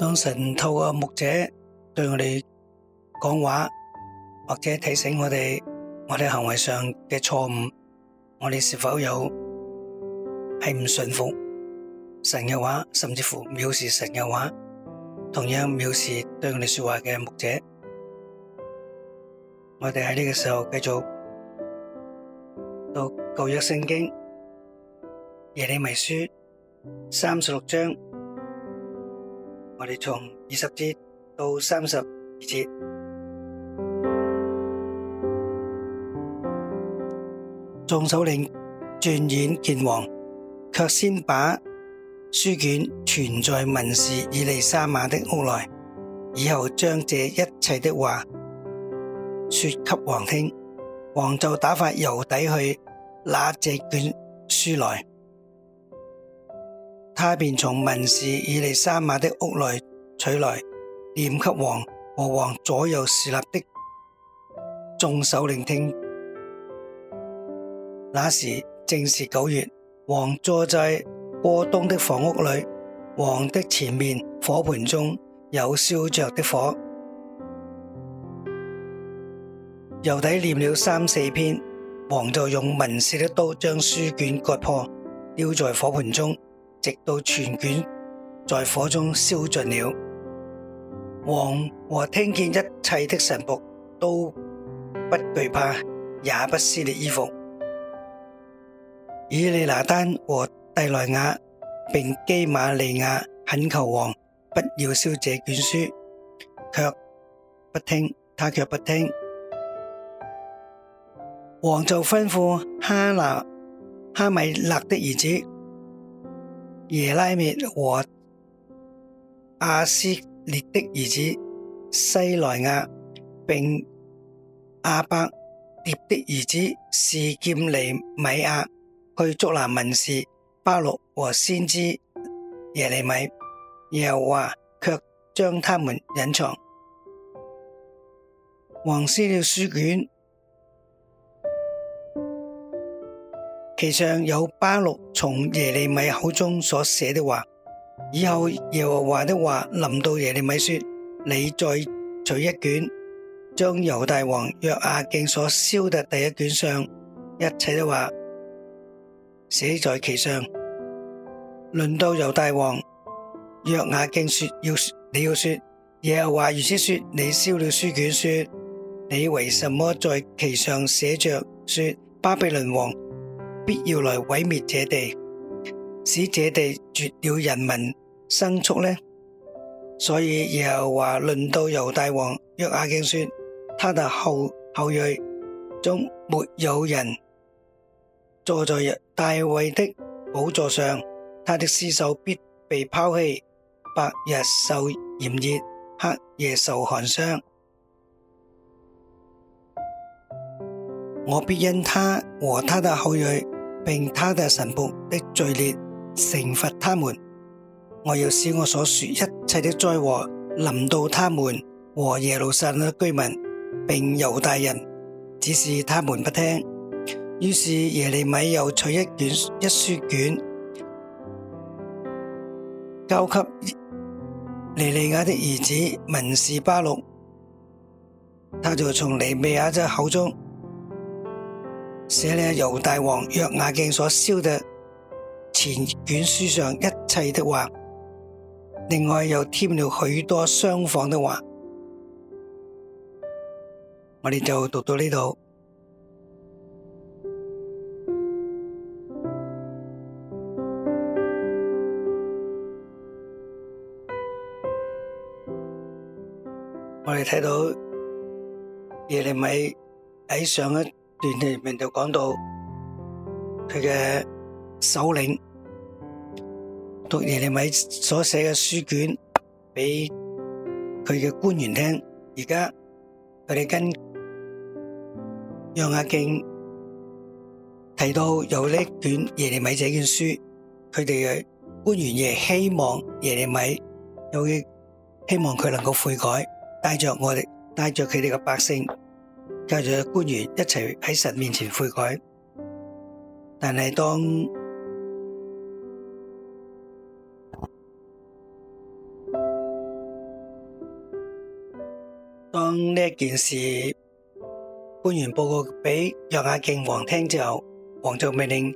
當神透過牧者對我哋講話，或者提醒我哋我哋行為上嘅錯誤，我哋是否有係唔信服神嘅話，甚至乎藐視神嘅話，同樣藐視對我哋說話嘅牧者，我哋喺呢個時候繼續讀舊約聖經耶利米書三十六章。我哋從二十節到三十二節，眾首領轉眼見王，卻先把書卷存在文士以利沙瑪的屋內，以後將這一切的話說給王聽。王就打發猶底去拿這卷書來。他便從文士以利沙瑪的屋內取來念給王和王左右侍立的眾首領聽。那時正是九月，王坐在過冬的房屋裏，王的前面火盆中有燒着的火。猶底念了三四篇，王就用文士的刀將書卷割破，丟在火盆中。直到全卷在火中燒盡了，王和聽見一切的臣僕都不懼怕，也不撕裂衣服。以利拿單和第萊雅並基瑪利亞懇求王不要燒這卷書，卻不聽。他卻不聽，王就吩咐哈拿哈米勒的兒子。耶拉滅和阿斯列的兒子西萊亞，並亞伯疊的兒子士劍尼米亞去捉拿文士巴錄和先知耶利米。耶和華却將他們隱藏，王撕了書卷，其上有巴錄。從耶利米口中所寫的話，以後耶和華的話臨到耶利米說：你再取一卷，將猶大王約雅敬所燒的第一卷上，一切的話寫在其上。論到猶大王約雅敬說：要你要說耶和華如此說：你燒了書卷說，說你為什麼在其上寫着，說巴比倫王？必要來毀滅這地，使這地絕了人民生畜呢？所以耶和華論到猶大王約阿敬說，他的後後裔中沒有人坐在大衛的寶座上，他的屍首必被拋棄，白日受炎熱，黑夜受寒霜。我必因他和他的後裔。並他的神僕的罪孽，懲罰他們。我要使我所說一切的災禍臨到他們和耶路撒冷的居民，並猶大人，只是他們不聽。於是耶利米又取一卷一書卷，交給尼利亞的兒子文士巴錄，他就從尼利亞的口中。寫咧猶大王約雅敬所燒嘅前卷書上一切的話，另外又添了許多相仿的話，我哋就讀到呢度。我哋睇到耶利米喺上一。段裏面就講到佢嘅首領讀耶利米所寫嘅書卷俾佢嘅官員聽，而家佢哋跟約雅敬，提到有呢卷耶利米，這卷書，佢哋嘅官員亦希望耶利米，有希望佢能夠悔改，帶着我哋，帶着佢哋嘅百姓。跟着官員一起在神面前悔改，但是當當呢件事官員報告給約亞敬王聽之後，王就命令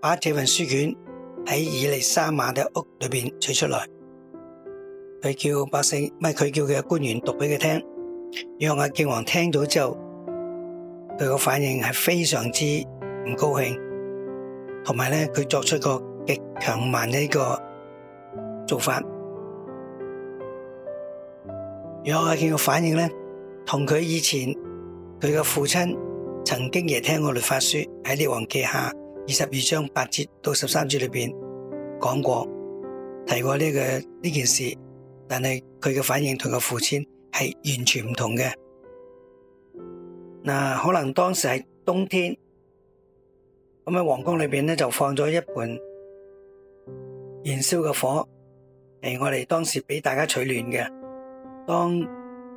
把這份書卷在以利沙瑪的屋裏面取出來，佢叫百姓，唔係佢叫佢嘅官員讀俾佢聽，約亞敬王聽咗之後。佢個反應係非常之唔高興，同埋咧佢作出一個極強硬呢個做法。約雅敬嘅反應咧，同佢以前佢嘅父親曾經亦聽過律法書，喺列王記下二十二章八節到十三節裏邊講過，提過呢、呢個呢件事，但係佢嘅反應同佢父親係完全唔同嘅。嗱，可能當時係冬天，咁喺皇宮裏邊咧就放咗一盤燃燒嘅火，係，我哋當時俾大家取暖嘅。當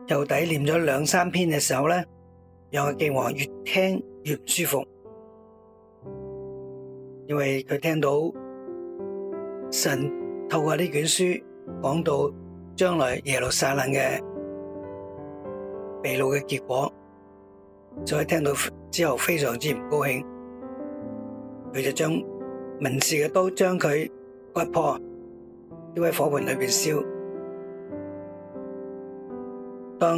又抵念咗兩三篇嘅時候咧，約雅敬王越聽越唔舒服，因為佢聽到神透過呢卷書講到將來耶路撒冷嘅被擄嘅結果。就係聽到之後非常之唔高興，佢就將文字嘅刀將佢割破，丟喺火盆裏邊燒。當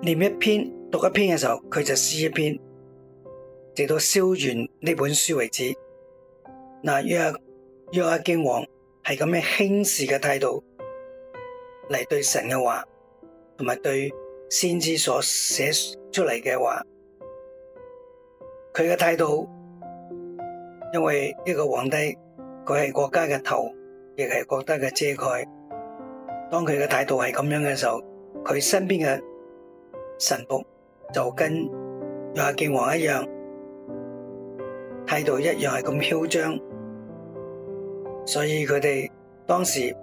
念一篇讀一篇嘅時候，佢就撕一篇，直到燒完呢本書為止。嗱，約約阿敬王係咁樣嘅輕視嘅態度嚟對神嘅話，同埋對。先知所寫出嚟嘅話，佢嘅態度，因為一個皇帝佢係國家嘅頭，亦係國家嘅遮蓋。當佢嘅態度係咁樣嘅時候，佢身邊嘅神僕就跟若阿建王一樣，態度一樣係咁囂張，所以佢哋當時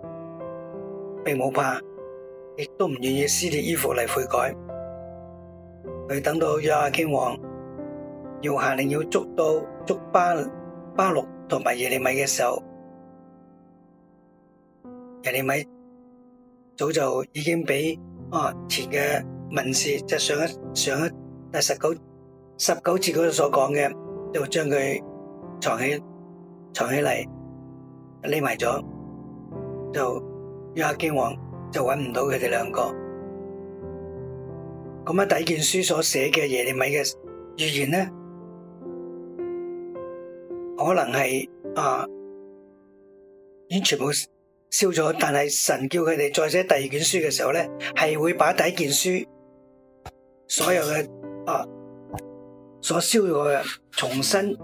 並冇怕。亦都唔願意撕裂衣服嚟悔改。佢等到約雅敬王要下令要捉到捉巴巴錄同埋耶利米嘅時候，耶利米早就已經俾啊前嘅文士即係上一上一第十九十九節嗰度所講嘅，就將佢藏起藏起嚟匿埋咗，就約雅敬王。就揾唔到佢哋兩個，咁樣第一件書所寫嘅耶利米嘅預言咧，可能係啊，已經全部燒咗。但係神叫佢哋再寫第二卷書嘅時候咧，係會把第一件書所有嘅啊所燒咗嘅重新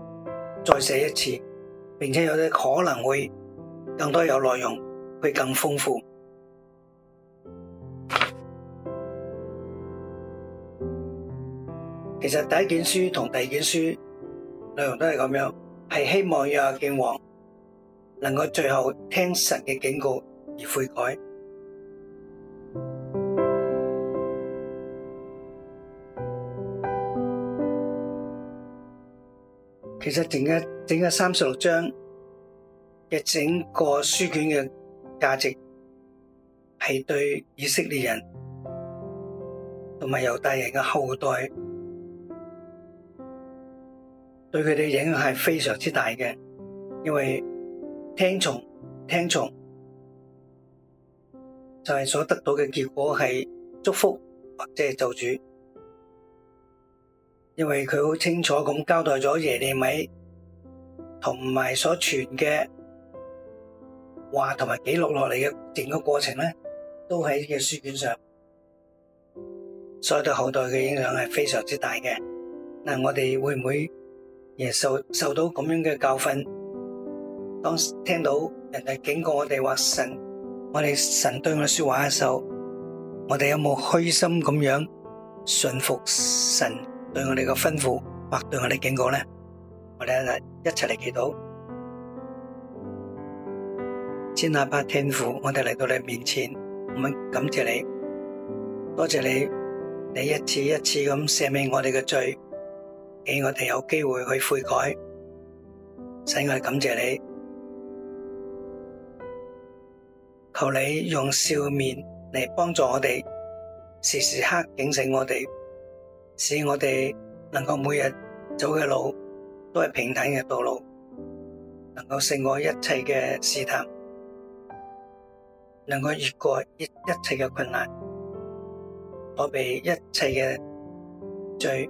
再寫一次，並且有啲可能會更多有內容，會更豐富。其實第一卷書同第二卷書內容都係咁樣，係希望約阿敬王能夠最後聽神嘅警告而悔改。其實整個整個三十六章嘅整個書卷嘅價值，係對以色列人同埋猶大人嘅後代。對佢哋影響係非常之大嘅，因為聽從聽從就係、是、所得到嘅結果係祝福或者係咒詛，因為佢好清楚咁交代咗耶利米同埋所傳嘅話同埋記錄落嚟嘅整個過程咧，都喺佢嘅書卷上，所以對後代嘅影響係非常之大嘅。嗱，我哋會唔會？而受到咁樣嘅教訓，當聽到人哋警告我哋話神，我哋神對我哋說話嘅時候，我哋有冇虛心咁樣順服神對我哋嘅吩咐或對我哋警告咧？我哋一齊嚟祈禱，天父，我哋嚟到你面前，我感謝你，多謝你，你一次一次咁赦免我哋嘅罪。俾我哋有機會去悔改，使我哋感謝你。求你用笑面嚟幫助我哋，時時刻警醒我哋，使我哋能夠每日走嘅路都係平坦嘅道路，能夠勝過一切嘅試探，能夠越過一切嘅困難，躲避一切嘅罪。